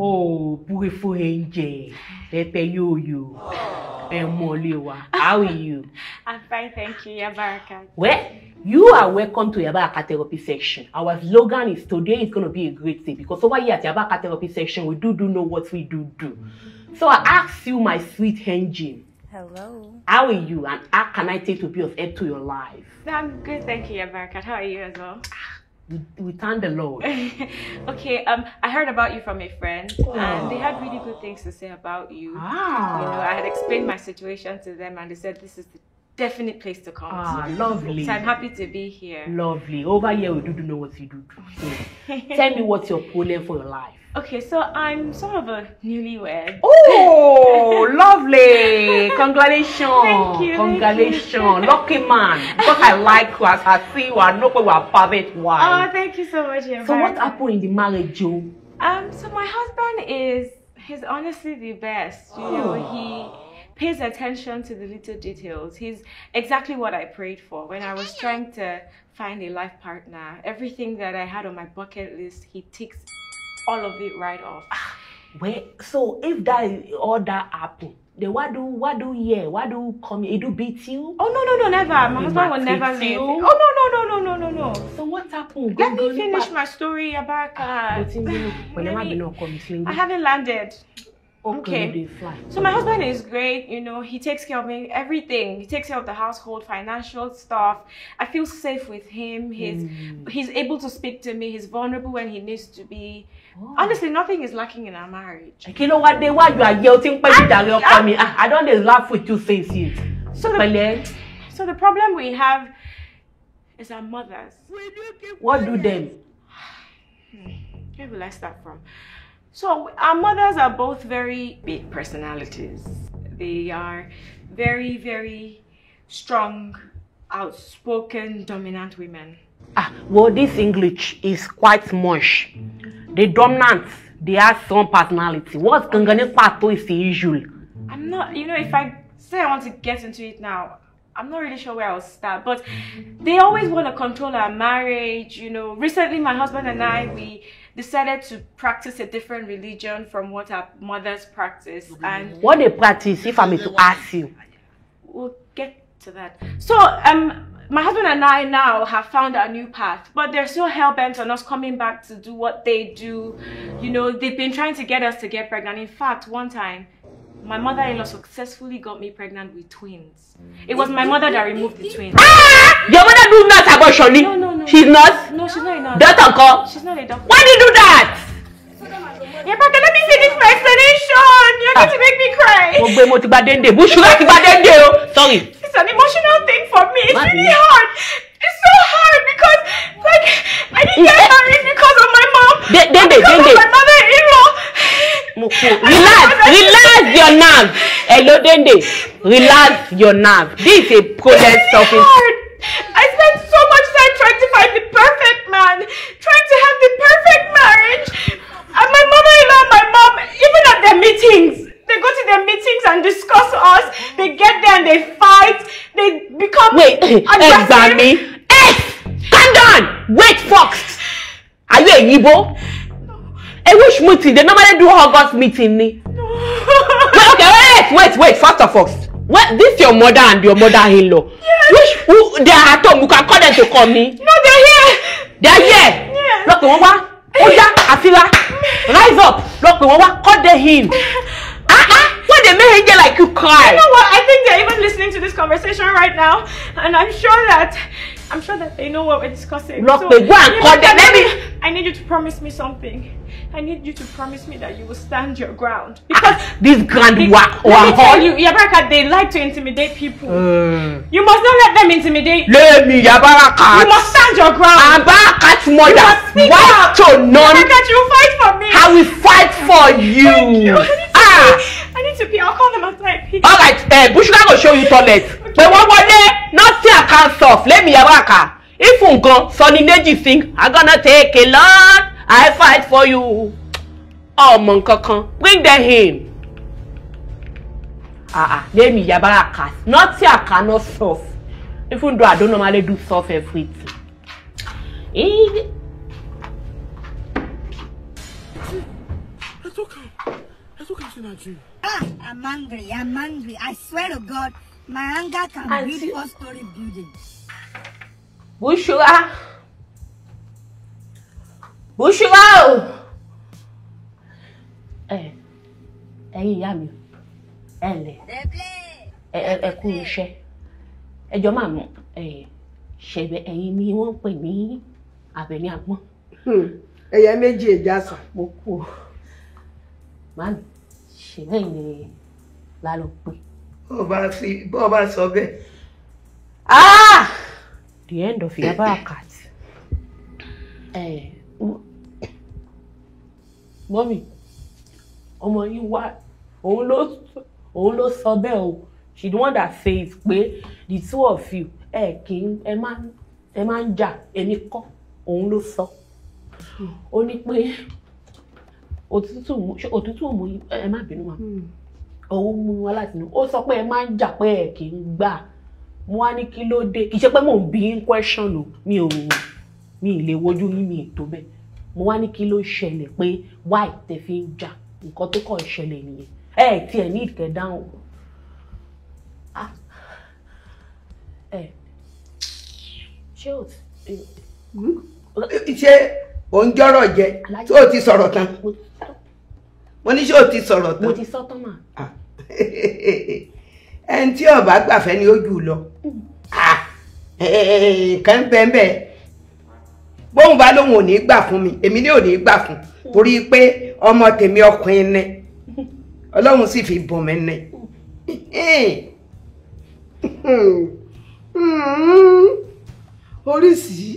Oh, búre fún ẹ̀ǹjẹ̀ pẹpẹ yóò you? ẹ mọ how are you. i'm fine thank you yabaraka. well you are welcome to yabaraka therapy section our slogan is today is gonna be a great day because over here at yabaraka therapy section we do do know what we do do so i ask you my sweet Jim. Hello. How are you and how can I take to be of help to your life? I'm good, thank you, Yabaraka. How are you as well? Ah, we, we thank the Lord. okay, um, I heard about you from a friend, oh. and they had really good things to say about you. Ah. You know, I had explained my situation to them, and they said this is the definite place to come ah, to. lovely. So I'm happy to be here. Lovely. Over here, we do know what you do. So tell me what's your problem for your life. Okay, so I'm sort of a newlywed. Oh, lovely! Congratulations! Thank you. Congratulations, lucky man. Because I like you as I see you, I know you are perfect one. Oh, thank you so much. Eva. So what happened in the marriage, Joe? Oh? Um, so my husband is he's honestly the best. You oh. know, he pays attention to the little details. He's exactly what I prayed for when I was trying to find a life partner. Everything that I had on my bucket list, he ticks all of it right off. Ah, where so if that all that happen, then what do what do yeah what do come it do beat you? Oh no no no never. Ah, my husband will never leave. You. Oh no no no no no no no. So what happened? Let me finish my story, Abaka. Ah, I haven't landed. Okay. So my husband is great, you know, he takes care of me, everything. He takes care of the household, financial stuff. I feel safe with him. He's mm. he's able to speak to me. He's vulnerable when he needs to be. Oh. Honestly, nothing is lacking in our marriage. You know what they why you are yelling I, me. I, I don't laugh with you since you. So the, so the problem we have is our mothers. What do them? Hmm. Where will I start from? So our mothers are both very big personalities. They are very, very strong, outspoken, dominant women. Ah, well, this English is quite mush. The dominant, they have some personality. What's Kangane Pato is the usual? I'm not, you know, if I say I want to get into it now, I'm not really sure where I'll start, but they always want to control our marriage. You know, recently my husband and I, we decided to practice a different religion from what our mothers practice. And what they practice, if i may to ask you, we'll get to that. So, um, my husband and I now have found our new path, but they're so hell bent on us coming back to do what they do. You know, they've been trying to get us to get pregnant. In fact, one time my mother-in-law successfully got me pregnant with twins. It was my mother that removed the twins. Ah! Your mother do not abortion? No, no, no. She's not? No, she's not a doctor. Doctor call? She's not a doctor. Why did you do that? Yeah, but let me finish my explanation. You're going to make me cry. Sorry. It's an emotional thing for me. It's really hard. It's so hard because, like, I didn't get married because of my mom. because of my mother-in-law. Relax your nerve. Hello, Dende. Relax your nerve. This is a project stuffing. I spent so much time trying to find the perfect man, trying to have the perfect marriage. And my mother-in-law and my mom, even at their meetings, they go to their meetings and discuss us. They get there and they fight. They become Wait, examine. Hey, calm down. Wait, Fox. Are you a Igbo? No. A which meeting? They normally do August meeting. No. wait wait wait first of all well, this your mother and your mother-in-law. Yes. Which who they are at home? You can call them to call me. No, they're here. They're here. Yes. Lọ pè wọ́n wá. Ó Afira. Rise up. Lọ pè wọ́n wá. Call them in. Ah ah. Why they make angel like you cry? You know what? I think they're even listening to this conversation right now, and I'm sure that I'm sure that they know what we're discussing. Lọ pè wá and call them. Let me. I need you to promise me something. I need you to promise me that you will stand your ground. Ah, Because ah, this grand they, wa Let me tell you, Yabaraka, they like to intimidate people. Mm. You must not let them intimidate Let me, Yabaraka. You must stand your ground. Yabaraka's mother, wife to none. Yabaraka, you fight for me. I will fight for you. Thank you. Ah. I need to pee. I'll call them after All right, uh, eh, Bushka will show you toilet. okay. But one eh, more not see a can't solve. Let me, Yabaraka ifun gan sọni méjì sing i gonna take a lot i fight for you ọmọ nkankan bring them in ah ah lẹ́mi yabara cat nothing i cannot solve even though i don't normally do solve everything. E... I took him. I took him in Ah, I'm angry. I'm angry. I swear to God, my anger can build four-story buildings. Bushua Bushua o ẹ̀yin ìyá mi ẹ lẹ ẹ kú iṣẹ́ ẹjọ máa mọ ṣẹbẹ ẹ̀yin ni wọ́n ń pè ní Àbẹ̀ní Àgbọ̀n. Hmm. ẹyẹ méjì èjà sàn. mo kú o màmí ṣẹbẹ yìí ni lálọ pé. bó o bá sọ bẹ́ẹ̀. Ah! the end of Yaba Akat. mọ́mì ọmọ yìí wá òun ló òun ló sọ bẹ́ẹ̀ o she the one that says pé the two of you ẹ kì í ẹ máa ẹ máa ń jà èmi kọ́ òun ló sọ ó ní pé òtútù òtútù mú ẹ má bínú ma hmm. òun mú wa láti nù ó sọ pé ẹ máa ń jà pé ẹ kì í gbà mo wá ní kí ló dé kì í ṣe pé mò ń bí yín question o mi ò mi ì lè wojú yín mi ì tó bẹ́ẹ̀ mo wá ní kí ló ṣẹlẹ̀ pé why tẹ fi ń jà nǹkan tó kàn ṣẹlẹ̀ nìyẹn ẹ ẹ tiẹ̀ ní ìtẹ̀ dáhùn ẹ ṣé o ti. Hmm? ṣé ò ń jọ́rọ̀ jẹ tó o ti sọ̀rọ̀ tán mo ní ṣé o ti sọ̀rọ̀ tán. mo ti sọ tán mà. Ah. ẹni tí ọba gbàfẹ́ ni ó jù lọ nǹkan bẹ́ẹ̀ bóun bá lóun ò ní gbà fún mi èmi ní ò ní gbà fún torí pé ọmọ tèmi ọkùnrin ni ọlọ́run sì fi bùn mí ni. oríṣìí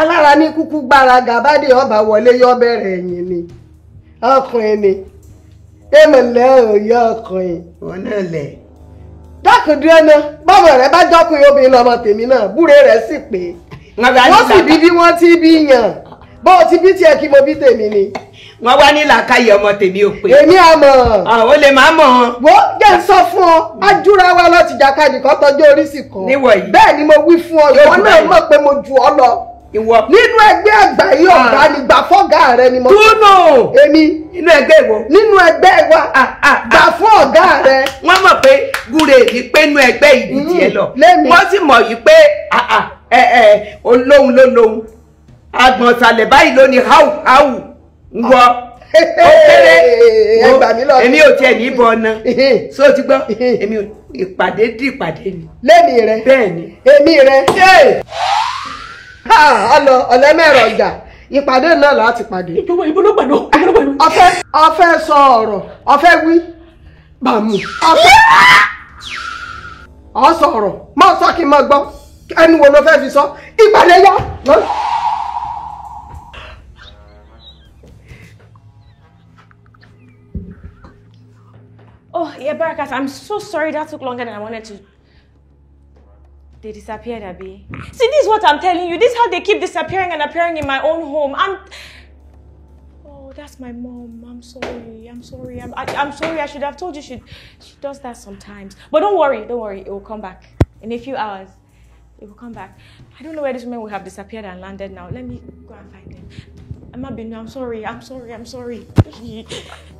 alára ní kúkú gbára gàbádé ọba wọlé yọ bẹ̀rẹ̀ ẹ̀yìn ni ọkùnrin ni èmi lẹ́ òye ọkùnrin. wọn náà lẹ̀ dákùndú ẹna bọ́mọ rẹ bá jọkùnrin obìnrin lọmọ tèmi náà búre rẹ sì pé wọ́n sì bí bí wọ́n ti bí yàn bó o ti bí tiẹ̀ kí mo bí tèmi ni. wọ́n wá ní làákàyè ọmọ tèmi ò pé. èmi àmọ̀. àwọn olè máa mọ̀ wo jẹ́ ń sọ fún ọ ajúra wa lọ́ọ́ ti jàkadì kọ́ tọ́jú orí sì kọ́. níwọ̀ yìí bẹ́ẹ̀ ni mo wí fún ọ ìwọ náà mọ̀ pé mo ju ọ lọ ìwọ. nínú ẹgbẹ́ àgbà yìí ah. ọ̀gá ni gbà fọ́gà rẹ ni mo. túnú èmi. nínú ẹgbẹ́ ìwọ. nínú ẹgbẹ́ wa ah, ah, gbà fún ọ̀gá rẹ. wọ́n mọ̀ pé gúre yìí pé inú ẹgbẹ́ yìí di mm-hmm. tiẹ̀ lọ. wọ́n sì mọ̀ yìí pé olóhùn ló lóhùn agbọ̀nsalẹ̀ báyìí ló ní háù háù ń wọ ó kéré èmi ò tiẹ̀ ní ìbọn ọ̀nà so ti gbọ́ èmi ìpàdé dì ìpàdé ni. lẹ́mi rẹ bẹ́ẹ̀ ni èmi rẹ ọlọ ọlẹ́mẹ̀rọ ọjà ìpàdé náà láti pàdé. ìjọba ìbọn ló pàdé ọfẹ ọfẹ sọ ọ̀rọ̀ ọfẹ wí bàmù ọfẹ ọ sọ ọ̀rọ̀ mọ sọ kí n mọ gbọ́ ẹnu wo ló fẹ́ fi sọ ìpàdé yá. Oh, yeah, Barakat, I'm so sorry that took longer than I wanted to They disappeared, Abby. See, this is what I'm telling you. This is how they keep disappearing and appearing in my own home. I'm... Oh, that's my mom. I'm sorry. I'm sorry. I'm, I, am sorry i am sorry. I should have told you she, she does that sometimes. But don't worry. Don't worry. It will come back in a few hours. It will come back. I don't know where these woman will have disappeared and landed now. Let me go and find them. Amabinu, I'm sorry. I'm sorry. I'm sorry.